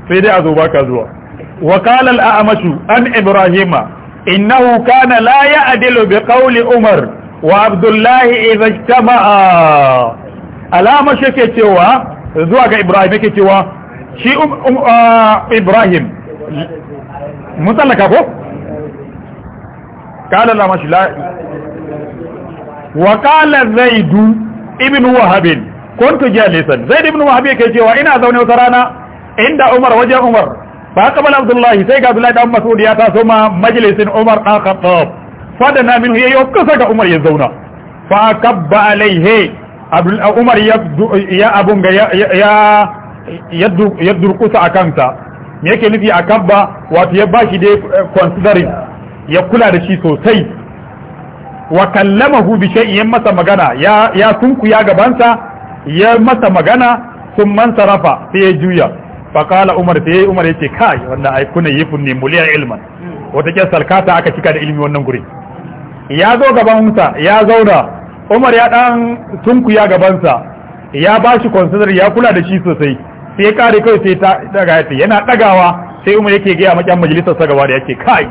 sai dai a zo baka zuwa wa qala al-a'mashu an قال الأعمش لا وقال زيد ابن وهب كنت جالسا زيد ابن وهب ina zaune wata rana inda Umar wajen Umar fa kabal Abdullahi sai ga Abdullahi dan Mas'ud ya taso ma majalisin Umar dan Khattab fadana minhu yayi kusa ga Umar ya zauna fa kabba alaihi Umar ya ya abun ga ya ya ya durkusa yake nufi a kabba wato ya bashi dai eh, considering ya kula da shi sosai wa kallamahu bi shay'in masa magana ya ya sunkuya gabansa ya masa magana sun man sarafa sai ya juya faqala umar sai umar yace kai wanda ai kuna yifun ne muliya ilman wata ke salkata aka cika da ilmi wannan guri ya zo gabansa ya zauna umar ya dan gaban gabansa ya bashi consider ya kula da shi sosai sai kare kai sai ta daga yace yana dagawa sai umar yake ga maƙyan majalisar sa gaba da yake kai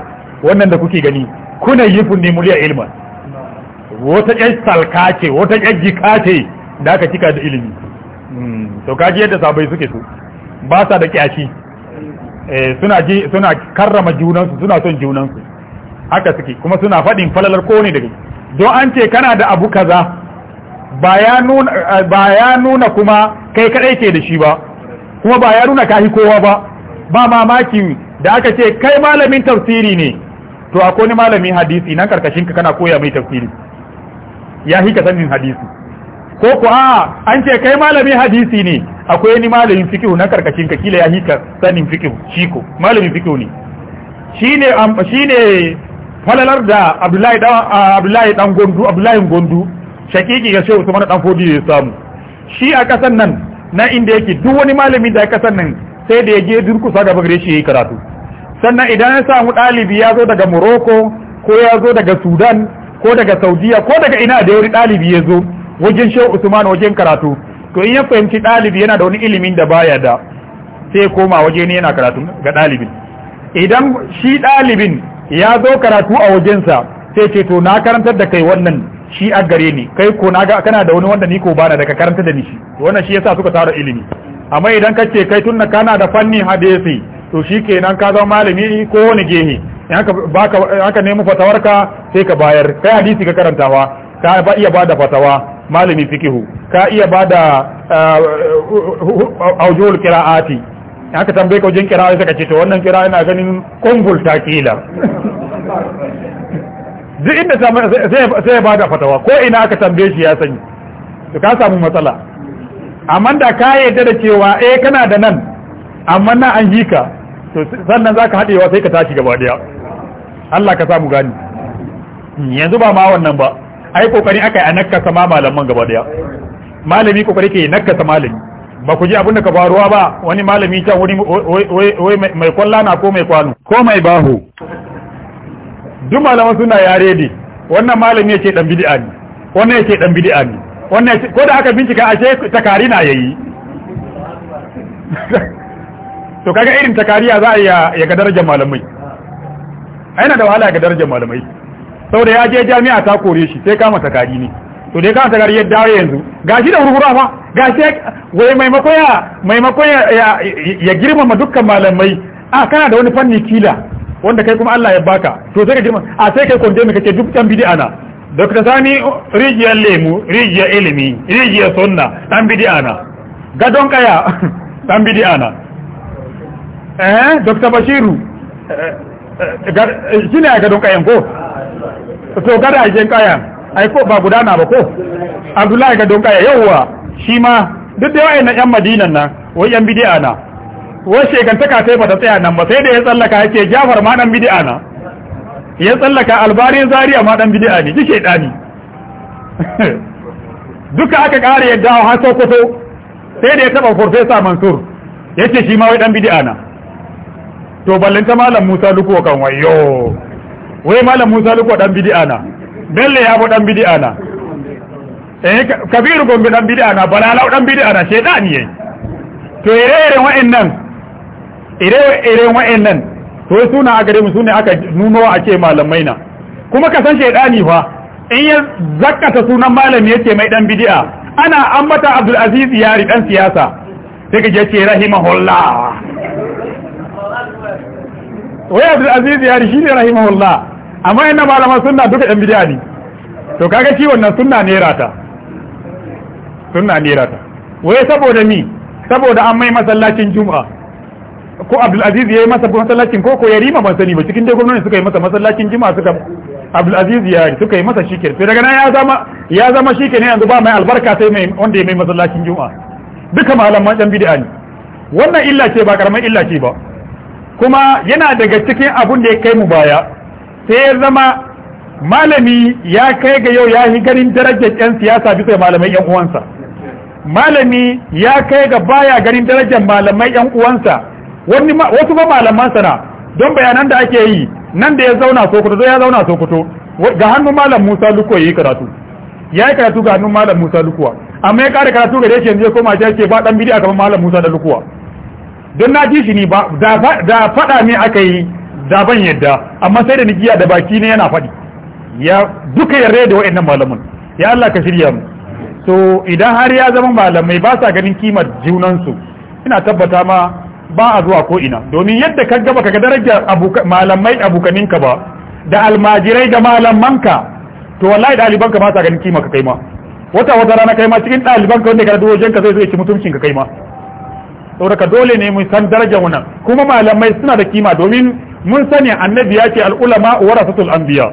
wannan da kuke gani kuna yifun ne muliya ilman wata ke salka ce wata ke jika ce da aka cika da ilmi hmm, to kaji yadda sabai suke so ba sa da kyashi eh, suna ji suna karrama junansu suna son junansu haka suke kuma suna faɗin falalar ne daga don an ce kana da abu kaza ba ya nuna eh, ba ya nuna kuma kai kadai ke da shi ba kuma ba ya nuna kahi kowa ba ba mamaki da aka ce kai malamin tafsiri ne to a ni malamin hadisi nan karkashin ka kana koya mai tafsiri ya hika sanin hadisi ko ku a an ce kai malamin hadisi ne akwai wani malamin fikihu na karkashin ka kila ya hika sanin fikihu shiko malamin fikihu ne shine shine falalar da Abdullahi dan Abdullahi dan Gondu Abdullahi Gondu shakiki ga Shehu Usman dan Fodi ya samu shi a kasan nan na inda yake duk wani malami da kasan nan sai da ya je durkusa gaba gare shi yayi karatu sannan idan ya samu dalibi ya zo daga Morocco ko ya zo daga Sudan ko daga Saudiya ko daga ina da wani dalibi ya zo wajen Shehu Usman wajen karatu to in ya fahimci ɗalibi yana da wani ilimin da baya da sai koma waje ne yana karatu ga ɗalibin idan shi ɗalibin ya zo karatu a wajensa sai ce to na karantar da kai wannan shi a gare ni kai ko na ga kana da wani wanda ni ko bana da ka karanta da ni shi wannan shi yasa suka tara ilimi amma idan ka ce kai tunna kana da fanni hadisi to shi kenan ka zama malami ko wani gehe haka nemi fatawarka sai ka bayar kai hadisi ka karantawa ka iya ba da fatawa malami fikihu ka iya bada eh, aujuhul qira'ati haka tambaye ka wajen qira'a saka ce to wannan qira'a ina ganin kungul ta kila duk inda sai ya bada fatawa ko ina aka tambaye shi ya sani to ka samu matsala amma da ka yadda da cewa eh kana da nan amma na an yi ka to sannan zaka hadewa sai ka tashi gaba daya Allah ka samu gani yanzu ba ma wannan ba ai kokari akai a nakasa ma malaman gaba daya malami kokari ke nakasa malami ba ku ji abin ka faruwa ba wani malami can wuri wai mai kwalla na ko mai kwano ko mai baho duk malaman suna yare ne wannan malami yake dan bid'a ne wannan yake dan bid'a ne wannan ko da aka bincika ashe takari na yayi to kaga irin takariya za a ya ga darajar malamai ai na da wahala ga darajar malamai saboda ya je jami'a ta kore shi sai kama gari ne to dai kama takari ya dawo yanzu gashi da hurhura fa gashi wai maimakon ya maimakon ya ya girmama dukkan malamai a kana da wani fanni kila wanda kai kuma Allah ya baka to sai ka girma a sai kai kwanje mai kake duk dan bid'a na Dr. Sani rijiyar lemu rijiyar ilimi rijiyar sunna dan bid'a na gadon kaya dan bid'a na eh Dr. Bashiru eh, eh, eh, ne a gadon kayan ko to a aikin kaya ai ko ba gudana ba ko abdullahi ga don kaya yawwa shi ma duk da yawan yan madinan nan wai yan bid'a na wai shegantaka sai bata tsaya nan ba sai da ya tsallaka yake jafar ma dan bid'a na ya tsallaka albarin Zariya ma dan bid'a ne duk shedani duka aka kare yadda har sokoto sai da ya taba professor mansur yace shi ma wai dan bid'a na to ballanta malam musa luko kan wayo wai malam musa luko dan bid'a na bello ya bu dan bid'a na eh kabiru gombe dan bid'a na balalau dan bid'a na shedani yayi to ire ire wa'annan ire ire wa'annan to suna a gare mu sune aka nuno a ce malamai na kuma ka san shedani fa in ya zakata sunan malami yace mai dan bid'a ana ambata Abdul Aziz Yari dan siyasa sai ka je ce rahimahullah wai Abdul Aziz Yari shine rahimahullah amma yana malaman sunna duka yan bidiya ne to kaga shi wannan sunna ne rata sunna ne rata waye saboda mi saboda an mai masallacin juma'a ko Abdul Aziz yayi masa masallacin ko ko Yarima ban sani ba cikin dai gwamnati suka yi masa masallacin juma'a suka Abdul Aziz ya suka yi masa shikir sai daga nan ya zama ya zama shikir ne yanzu ba mai albarka sai mai wanda ya mai masallacin juma'a duka malaman yan bid'a ne wannan illa ce ba karamar illa ce ba kuma yana daga cikin abun da ya kai mu baya sai ya zama malami ya kai ga yau ya yi ganin darajar yan siyasa bisa malamai yan uwansa malami ya kai ga baya ganin darajar malamai yan uwansa wani wasu ba malaman sana don bayanan da ake yi nan da ya zauna sokoto zai ya zauna sokoto ga hannun malam musa ya yi karatu ya yi karatu ga hannun malam musa lukuwa amma ya kara karatu ga yake yanzu ya koma ya ce ba dan bidiya kamar malam musa da lukuwa don na ji shi ni ba da faɗa ne aka yi da ban yadda amma sai da nigiya da baki ne yana faɗi ya duka yarda da wa'annan malaman ya Allah ka shirya mu to idan har ya zama malamai ba sa ganin kimar junansu ina tabbata ma ba a zuwa ko ina domin yadda ka gaba kaga darajar malamai abokaninka ba da almajirai da malamanka to wallahi ɗalibanka ba sa ganin kimar ka kai ma wata wata rana kai ma cikin ɗalibanka wanda ka da wajen ka zai ci mutuncin ka kai ma saboda dole ne mu san darajar wannan kuma malamai suna da kima domin mun sani annabi ya ce al'ulama warasatul anbiya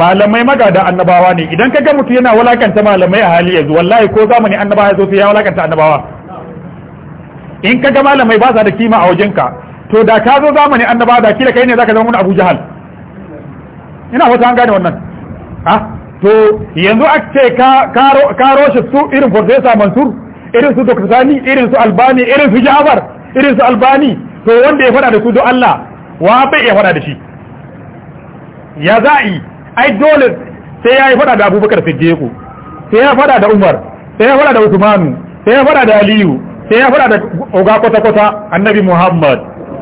malamai magada annabawa ne idan ka ga mutum yana walakanta malamai a hali yanzu wallahi ko zamani annabawa ya zo sai ya walakanta annabawa in ka ga malamai ba sa da kima a wajenka to da ka zo zamani annabawa da kila kai ne zaka zama mun Abu Jahal ina wata an gane wannan ah to yanzu a ce ka ka roshe su irin Professor Mansur irin su Dr. Sani irin su Albani irin su Jafar irin su Albani to wanda ya faɗa da ku don Allah wa bai ya faɗa da shi ya za'i ai dole sai ya yi faɗa da abubakar siddiqu sai ya faɗa da umar sai ya faɗa da usmanu sai ya faɗa da aliyu sai ya faɗa da oga kwata-kwata annabi muhammad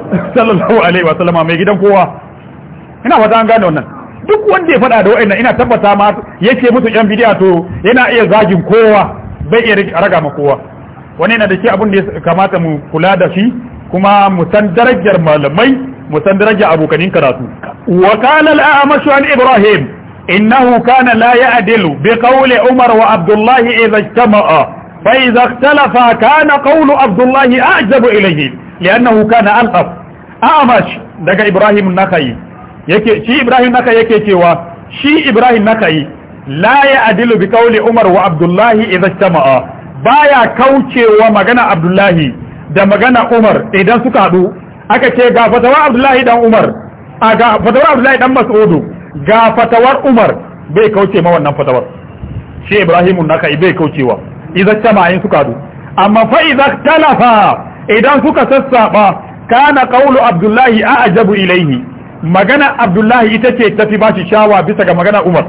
sallallahu alaihi wa sallama mai gidan kowa ina fata an gane wannan duk wanda ya faɗa da wa'annan ina tabbata ma yake musu yan bidiya to yana iya zagin kowa bai iya raga ma kowa wani yana da shi abin da ya kamata mu kula da shi kuma mu darajar malamai mu san darajar abokanin karatu wa kana al-a'mashu an ibrahim innahu kana la ya'dilu bi qawli umar wa abdullah idha ijtama'a fa idha ikhtalafa kana qawlu abdullah a'jabu ilayhi li'annahu kana alqaf a'mash daga ibrahim nakai yake shi ibrahim nakai yake cewa shi ibrahim nakai la ya'dilu bi qawli umar wa abdullah idha ijtama'a baya kaucewa magana abdullahi da magana Umar idan suka haɗu aka ce ga fatawar Abdullahi dan Umar a ga fatawar Abdullahi dan Mas'udu ga fatawar Umar bai kauce ma wannan fatawar shi Ibrahimun naka bai kaucewa idan jama'in suka haɗu amma fa idan talafa idan suka sassaba kana qawlu Abdullahi a'jabu ilaihi magana Abdullahi ita ce tafi bashi shawa bisa ga magana Umar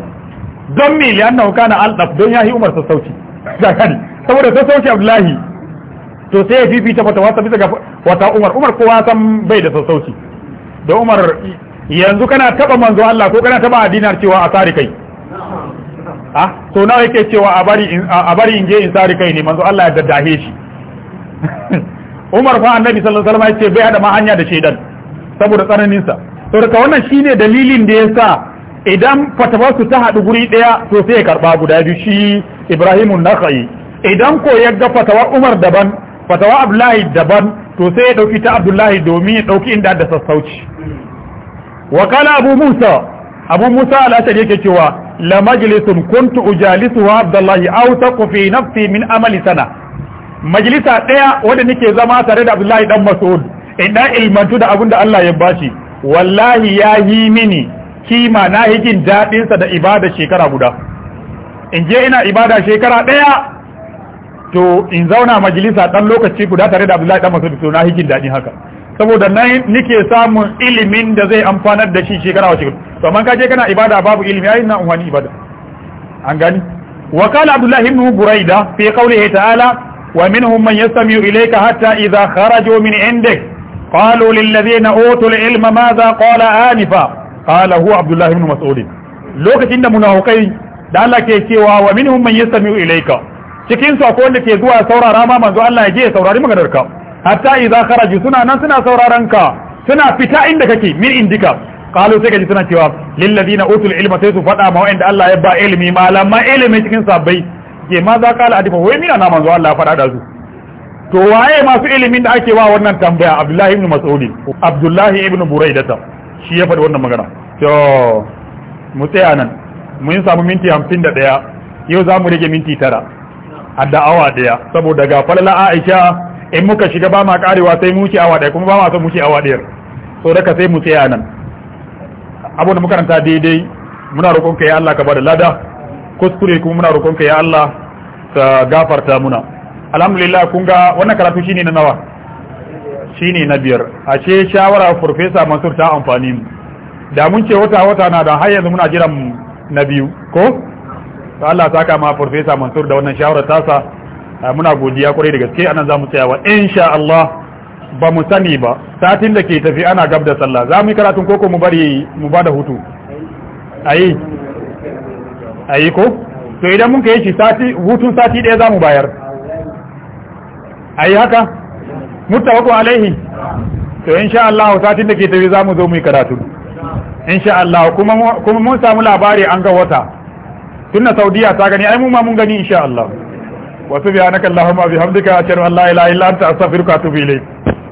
don me liyannahu kana al don yahi Umar sassauci zakani saboda sassauci Abdullahi to sai ya fifita fata wasa bisa ga wata Umar Umar kowa san bai da sassauci da Umar yanzu kana taba manzo Allah ko kana taba dinar cewa a tsari kai a ah, so nawa yake cewa a bari a bari in je in tsari kai ne manzo Allah ya daddahe shi Umar fa annabi sallallahu alaihi wasallam yace bai hada ma hanya da shaidan saboda tsananin sa to daga wannan shine dalilin da yasa idan fatawarsu ta haɗu guri ɗaya to sai ya karɓa guda biyu shi Ibrahimun Nakhai idan ko ya ga fatawar Umar daban fatawa abdullahi daban to sai ya dauki ta abdullahi domin ya dauki inda da sassauci wa kana abu musa abu musa al yake cewa la majlisun kuntu wa abdullahi aw taqu fi nafsi min amali sana majalisa daya wanda nake zama tare da abdullahi dan mas'ud idan ilmantu da abinda Allah ya bashi wallahi ya yi mini kima na hijin dadin daɗinsa da ibada shekara guda in je ina ibada shekara ɗaya to in zauna majalisa dan lokaci guda tare da Abdullahi dan Masud to na hikin dadi haka saboda nan nike samun ilimin da zai amfanar da shi shekara wa shekara to amma kaje kana ibada babu ilimi ai na unwani ibada an gani wa qala Abdullah ibn Buraida fi qawlihi ta'ala wa minhum man yastami'u ilayka hatta idha kharaju min indik qalu lil ladhina utul ilma madha qala anifa qala huwa Abdullahi ibn Mas'ud lokacin da munafikai da Allah ke cewa wa minhum man yastami'u ilayka cikin su akwai wanda ke zuwa saurara ma manzo Allah ya je ya saurari maganar ka hatta idza kharaju suna nan suna sauraron ka suna fita inda kake min indika qalu sai kaji suna cewa lil ladina utul ilma sai su fada ma wanda Allah ya ba ilimi malama ilimi cikin sabbai ke ma za qala adifa wai mina na manzo Allah ya fada da su to waye masu ilimin da ake wa wannan tambaya Abdullahi ibn mas'udi Abdullahi ibn Buraidata shi ya faɗi wannan magana to mu tsaya nan mun samu minti 51 yau za mu rage minti tara da awa daya saboda ga falala Aisha in muka shiga ba ma karewa sai mu ci awa daya kuma ba ma son mu ci awa daya so daga sai mu tsaya nan abu da makaranta daidai muna roƙon ka ya Allah ka bada lada kuskure kuma muna roƙon ka ya Allah ka gafarta muna alhamdulillah kun ga wannan karatu shine na nawa shine na biyar ashe shawara professor Mansur ta amfani mu da mun ce wata wata na da har yanzu muna jiran na biyu ko ta Allah saka ma Profesa Mansur da wannan shawarar tasa muna godiya kwarai da gaske anan zamu wa insha Allah ba mu sani ba satin da ke tafi ana gab da sallah za mu yi karatun koko mu bari mu ba da hutu ayi ayi ko to idan mun kai shi sati hutun sati ɗaya za mu bayar ayi haka mutawakku alaihi to insha Allah satin da ke tafi za mu zo mu yi karatu insha Allah kuma mun samu labari an ga wata tunda saudiya ta gani ai mu ma mun gani insha Allah wa subhanaka allahumma bihamdika ashhadu an la ilaha illa anta astaghfiruka wa atubu ilayk